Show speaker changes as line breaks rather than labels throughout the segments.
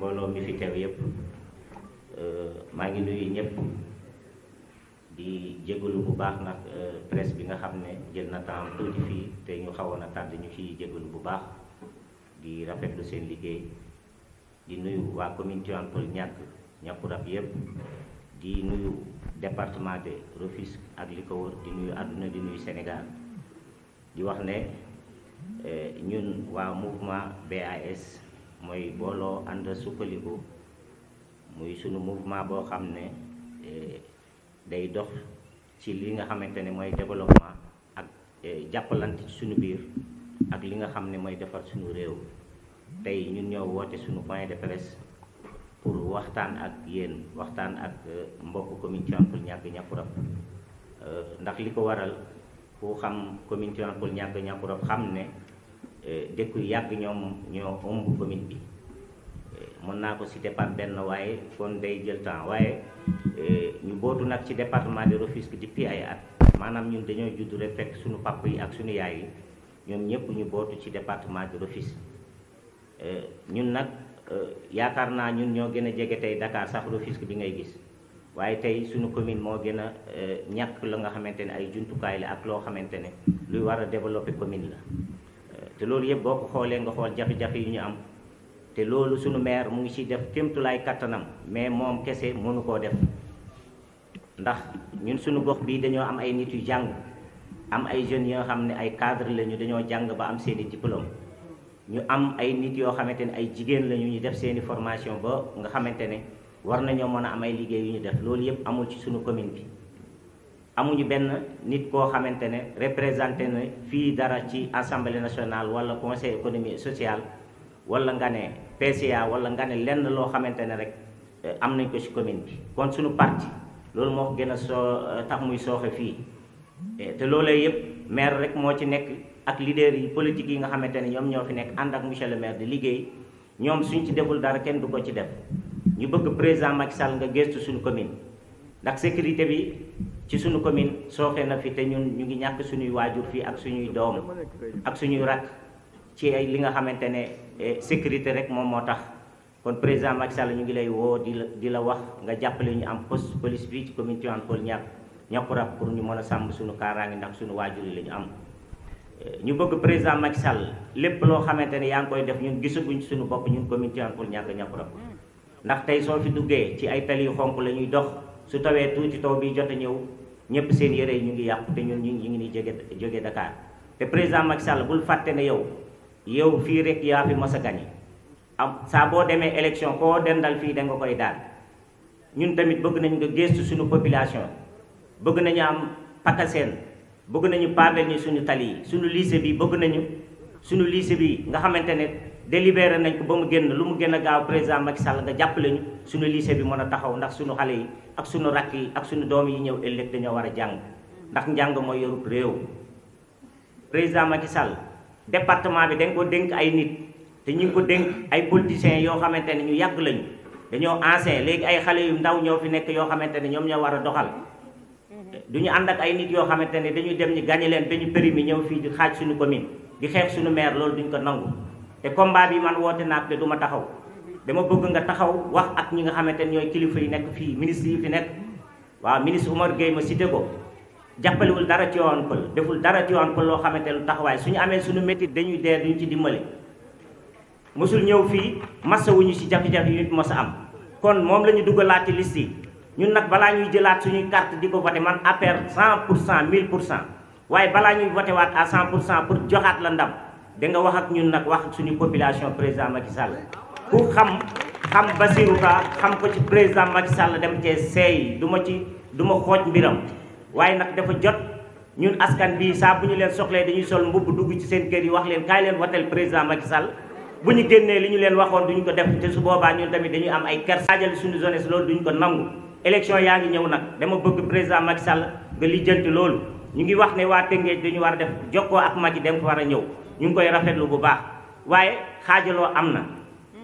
mbooloo mi fi teew yépp euh, maa ngi nuyu ñépp di jégalu bu baax nag euh, presse bi nga xam ne jël na temps fii te ñu xawoon a tàdd ñu ciy jégalu bu baax di rafetlu seen liggéey di nuyu waa commune Tivaouane Peulh ñàkk ñàkku rab yépp di nuyu département de Rufisque ak li ko wër di nuyu àdduna di nuyu Sénégal di wax ne euh, ñun waa mouvement BAS mooy booloo ànd sukkaliku muy sunu mouvement boo xam ne e, day dox ci li nga xamante ne mooy développement ak e, jàppalante ci sunu biir ak li nga xam ne mooy defar sunu réew tey ñun ñëw woote sunu point de presse pour waxtaan ak yéen waxtaan ak e, mbokk commune Tivaouane ñàkk ñàkkurab ndax li ko waral ku xam commune Tivaouane ñàkk ñàkkurab xam ne Eh, dëkku yàgg ñoom ñoo ëmb commune bi eh, mën naa ko citer par benn waaye kon day jël temps waaye eh, ñu bootu nag ci département de Rufisque depuis ay at maanaam ñun dañoo juddu rek suñu papa yi ak suñu yaay yi ñoom ñëpp ñu bootu ci département de Rufisque ñun nag yaakaar naa ñun ñoo gën a jege tey Dakar sax Rufisque bi ngay gis waaye tey suñu commune moo gën a ñàkk la nga xamante ne ay jumtukaay la ak loo xamante ne luy war a développer commune la te loolu yëpp boo ko xoolee nga xool jafe-jafe yu ñu am te loolu sunu maire mu ngi ciy def kémtulaay kattanam mais moom kese mënu koo def ndax ñun suñu gox bii dañoo am ay nit yu jàng am ay jeunes yoo xam ne ay cadre lañu dañoo jàng ba am seeni diplôme ñu am ay nit yoo xamante ne ay jigéen lañu ñu def seeni formation ba nga xamante ne war nañoo mën a am ay liggéey yu ñu def loolu yëpp amul ci suñu commune bi amuñu benn nit koo xamante ne représenté na fii dara ci assemblée nationale wala conseil économique sociale social wala nga ne PCA wala nga ne lenn loo xamante ne rek eh, am nañ ko ci commune bi kon suñu parti loolu moo ko gën a so eh, tax muy sooxe fii eh, te loolee yëpp maire rek moo ci nekk ak leader yi politique yi nga xamante ne ñoom ñoo fi nekk ànd ak monsieur le maire di liggéey ñoom suñ ci deful dara kenn du ko ci def ñu bëgg présent Macky Sall nga gëstu suñu commune ci suñu commune sooxe na fi te ñun ñu ngi ñàkk suñuy waajur fii ak suñuy doom ak suñuy rakk ci ay li nga xamante ne eh, sécurité rek moom moo tax kon président Macky Sall ñu ngi lay woo di la di la wax nga jàpp jàppale ñu am poste police bi ci commune Tivaouane Peulh ñàkk ñàkkurab pour ñu mën a sàmm suñu kaaraange ndax suñu waajur yi la am eh, ñu bëgg président Macky Sall lépp loo xamante ne yaa ngi koy def ñun gisaguñ suñu bopp ñun commune Tivaouane Peulh ñàkk ñàkkurab su tawee tuuti taw bi jot a ñëw ñëpp seen yére yi ñu ngi yàqu te ñun ñu ngi ni jóge jóge Dakar te président Macky Sall bul fàtte ne yow yow fii rek yaa fi mos a gañe am saa boo demee élection koo dendal fii da nga koy daal ñun tamit bëgg nañ nga gëstu suñu population bëgg nañu am pakaseen bëgg nañu pavel ñu suñu tali yi suñu lycée bi bëgg nañu suñu lycée bi nga xamante ne délibéré nañ ko ba mu génn lu mu gën a gaaw président Macky Sall nga jàppale ñu suñu lycée bi mën a taxaw ndax suñu xale yi ak suñu rakk yi ak suñu doom yi ñëw ëllëg dañoo war a jàng ndax njàng mooy yorub réew président Macky Sall département bi dañ ko dénk ay nit te ñu ko dénk ay politiciens yoo xamante ne ñu yàgg lañu dañoo ancien léegi ay xale yu ndaw ñoo fi nekk yoo xamante ne ñoom ñoo war a doxal du ñu ànd ak ay nit yoo xamante ne dañuy dem ñu gàñe leen ba ñu périmé ñëw fii di xaaj suñu commune di xeex suñu maire loolu duñ ko nangu te combat bi man woote naa te du taxaw dama bëgg nga taxaw wax ak ñi nga xamante ne ñooy kilifa yi nekk fii ministre yi fi nekk waaw ministre Oumar Gueye ma cité ko jàppalewul dara Tivaouane deful dara Tivaouane loo xamante lu taxawaay ñu amee suñu métti dañuy dee duñu ci dimbale mosul ñëw fii massa wuñu si jafe-jafe yu nit mos a am kon moom la ñu dugalaat ci liste yi ñun nag balaa ñuy jëlaat suñuy carte di ko voté man APR 100 pour cent 1000 pour cent waaye balaa ñuy voté waat à 100 pour cent pour joxaat la da nga wax ak ñun nag wax ak suñu population président Macky Sall ku xam xam Bassirou Ka xam ko ci président Macky Sall dem cee seey du ma ci du ma xooj mbiram waaye nag dafa jot ñun askan bi saa bu ñu leen soxlee dañuy sol mbubb dugg ci seen kër yi wax leen kaay leen wateel président Macky Sall bu ñu génnee li ñu leen waxoon duñu ko def te su boobaa ñun tamit dañuy am ay kers saajal suñu jeunesse loolu duñ ko nangu élection yaa ngi ñëw nag dama bëgg président Macky Sall nga lijjanti loolu ñu ngi wax ne waa Tëngéej dañu war a def jokkoo ak Macky dem fa war a ñëw ñu ngi koy rafetlu bu baax waaye xaajaloo am na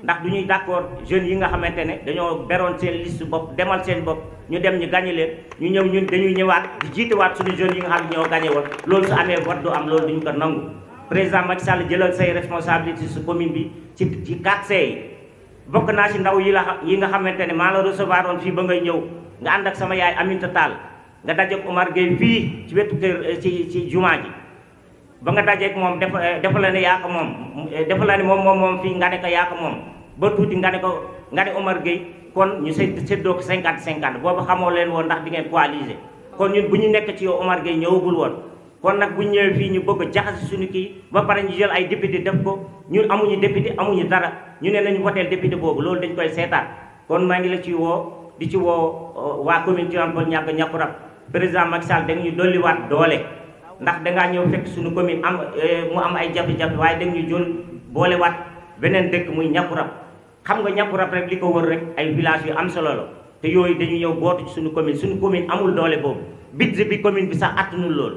ndax du ñuy d'accord jeunes yi nga xamante ne dañoo beroon seen liste bopp demal seen bopp ñu dem ñu gagné leen ñu ñëw ñun dañuy ñëwaat di jiitewaat suñu jeunes yi nga xam ne ñoo gagné woon loolu su amee vote du am loolu duñu ko nangu président Macky Sall jëlal say responsabilité su commune bi ci ci 4C yi bokk naa si ndaw yi la yi nga xamante ne maa la recevoir woon fii ba ngay ñëw nga ànd ak sama yaay Aminata Tall nga dajeek Omar Gueye fii ci wetu kër ci ci jumaa ji ba nga dajeeg moom def eh, dafa la ne yaa moom eh, dafa la ne moom moom moom fii nga ne ko yaa moom ba tuuti nga ne ko nga ne Omar Gueye kon ñu séddoo ko cinquante cinquante boobu xamoo leen woon ndax di ngeen coaliser kon ñun bu ñu nekk ci yow Omar Gueye ñëwagul woon kon nag bu ñu ñëwee fii ñu bëgg a jaxase suñu kii ba pare ñu jël ay député def ko ñun amuñu député amuñu dara ñu ne nañu voteel député boobu loolu dañ koy seetaan kon maa ngi la ci woo di ci woo oh, waa commune Tivaouane Peulh Niaga Niakoulrab président Macky Sall dañu dolliwaat doole ndax dangaa ñëw fekk suñu commune am euh, mu am ay jafe-jafe waaye dañ ñu jël boolewaat beneen dëkk muy ñàkkurab xam nga ñàkkurab rek li ko wër rek ay village yu am solo la te yooyu dañu ñëw bootu ci suñu commune suñu commune amul doole boobu budget bi commune bi sax attanul lool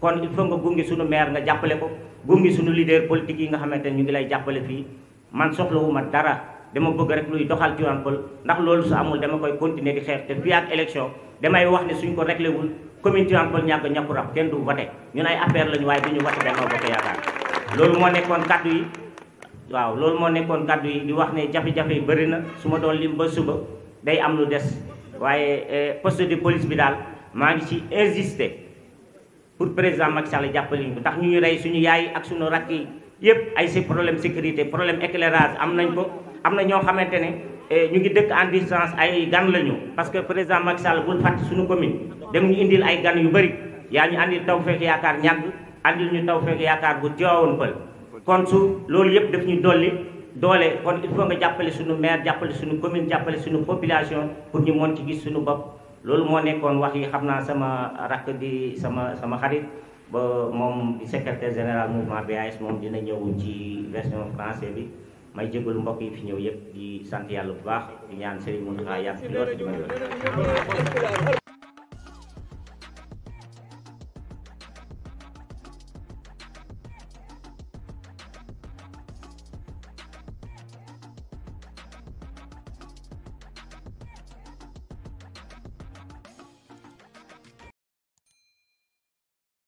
kon il faut nga gunge suñu maire nga jàppale ko gunge suñu leader politique yi nga xamante ne ñu ngi lay jàppale fii man soxlawuma dara dama bëgg rek luy doxal Tivaouane ndax loolu su amul dama koy continuer di xeex te fii ak élection damay wax ne suñ ko réglé wul commune Tivaouane Peulh ñàkk ñàkku rab kenn du vote ñun ay affaire lañu waaye du ñu vote Benno Bokk Yaakaar loolu moo nekkoon kaddu yi waaw loolu moo nekkoon kaddu yi di wax ne jafe-jafe yi bëri na su ma doon lim ba suba day am lu des waaye eh, poste de police bi daal maa ngi ci insister pour président Macky Sall jàppale ñu ko ndax ñu ñu suñu yaay ak suñu rakk yi yëpp ay si problème sécurité problème éclairage am nañ ko am na ñoo xamante ne eh, ñu ngi dëkk en distance ay gan la ñu parce que président Macky Sall bul fàtte suñu commune dem ñu indil ay gan yu bëri yaa ñu andil taw fekk yaakaar ñàgg andil ñu taw fekk yaakaar bu teewoon pël kon su loolu yëpp daf ñu dolli doole kon il faut nga jàppale suñu maire jàppale suñu commune jàppale suñu population pour ñu mën ci gis suñu bopp loolu moo nekkoon wax yi xam naa sama rakk di sama sama xarit ba moom di secrétaire général mouvement BAS moom dina ñëw ci version français bi may jégalu mbokk yi fi ñëw yëpp di sant yàlla bu baax di ñaan Serigne Mountakha yàgg fi lool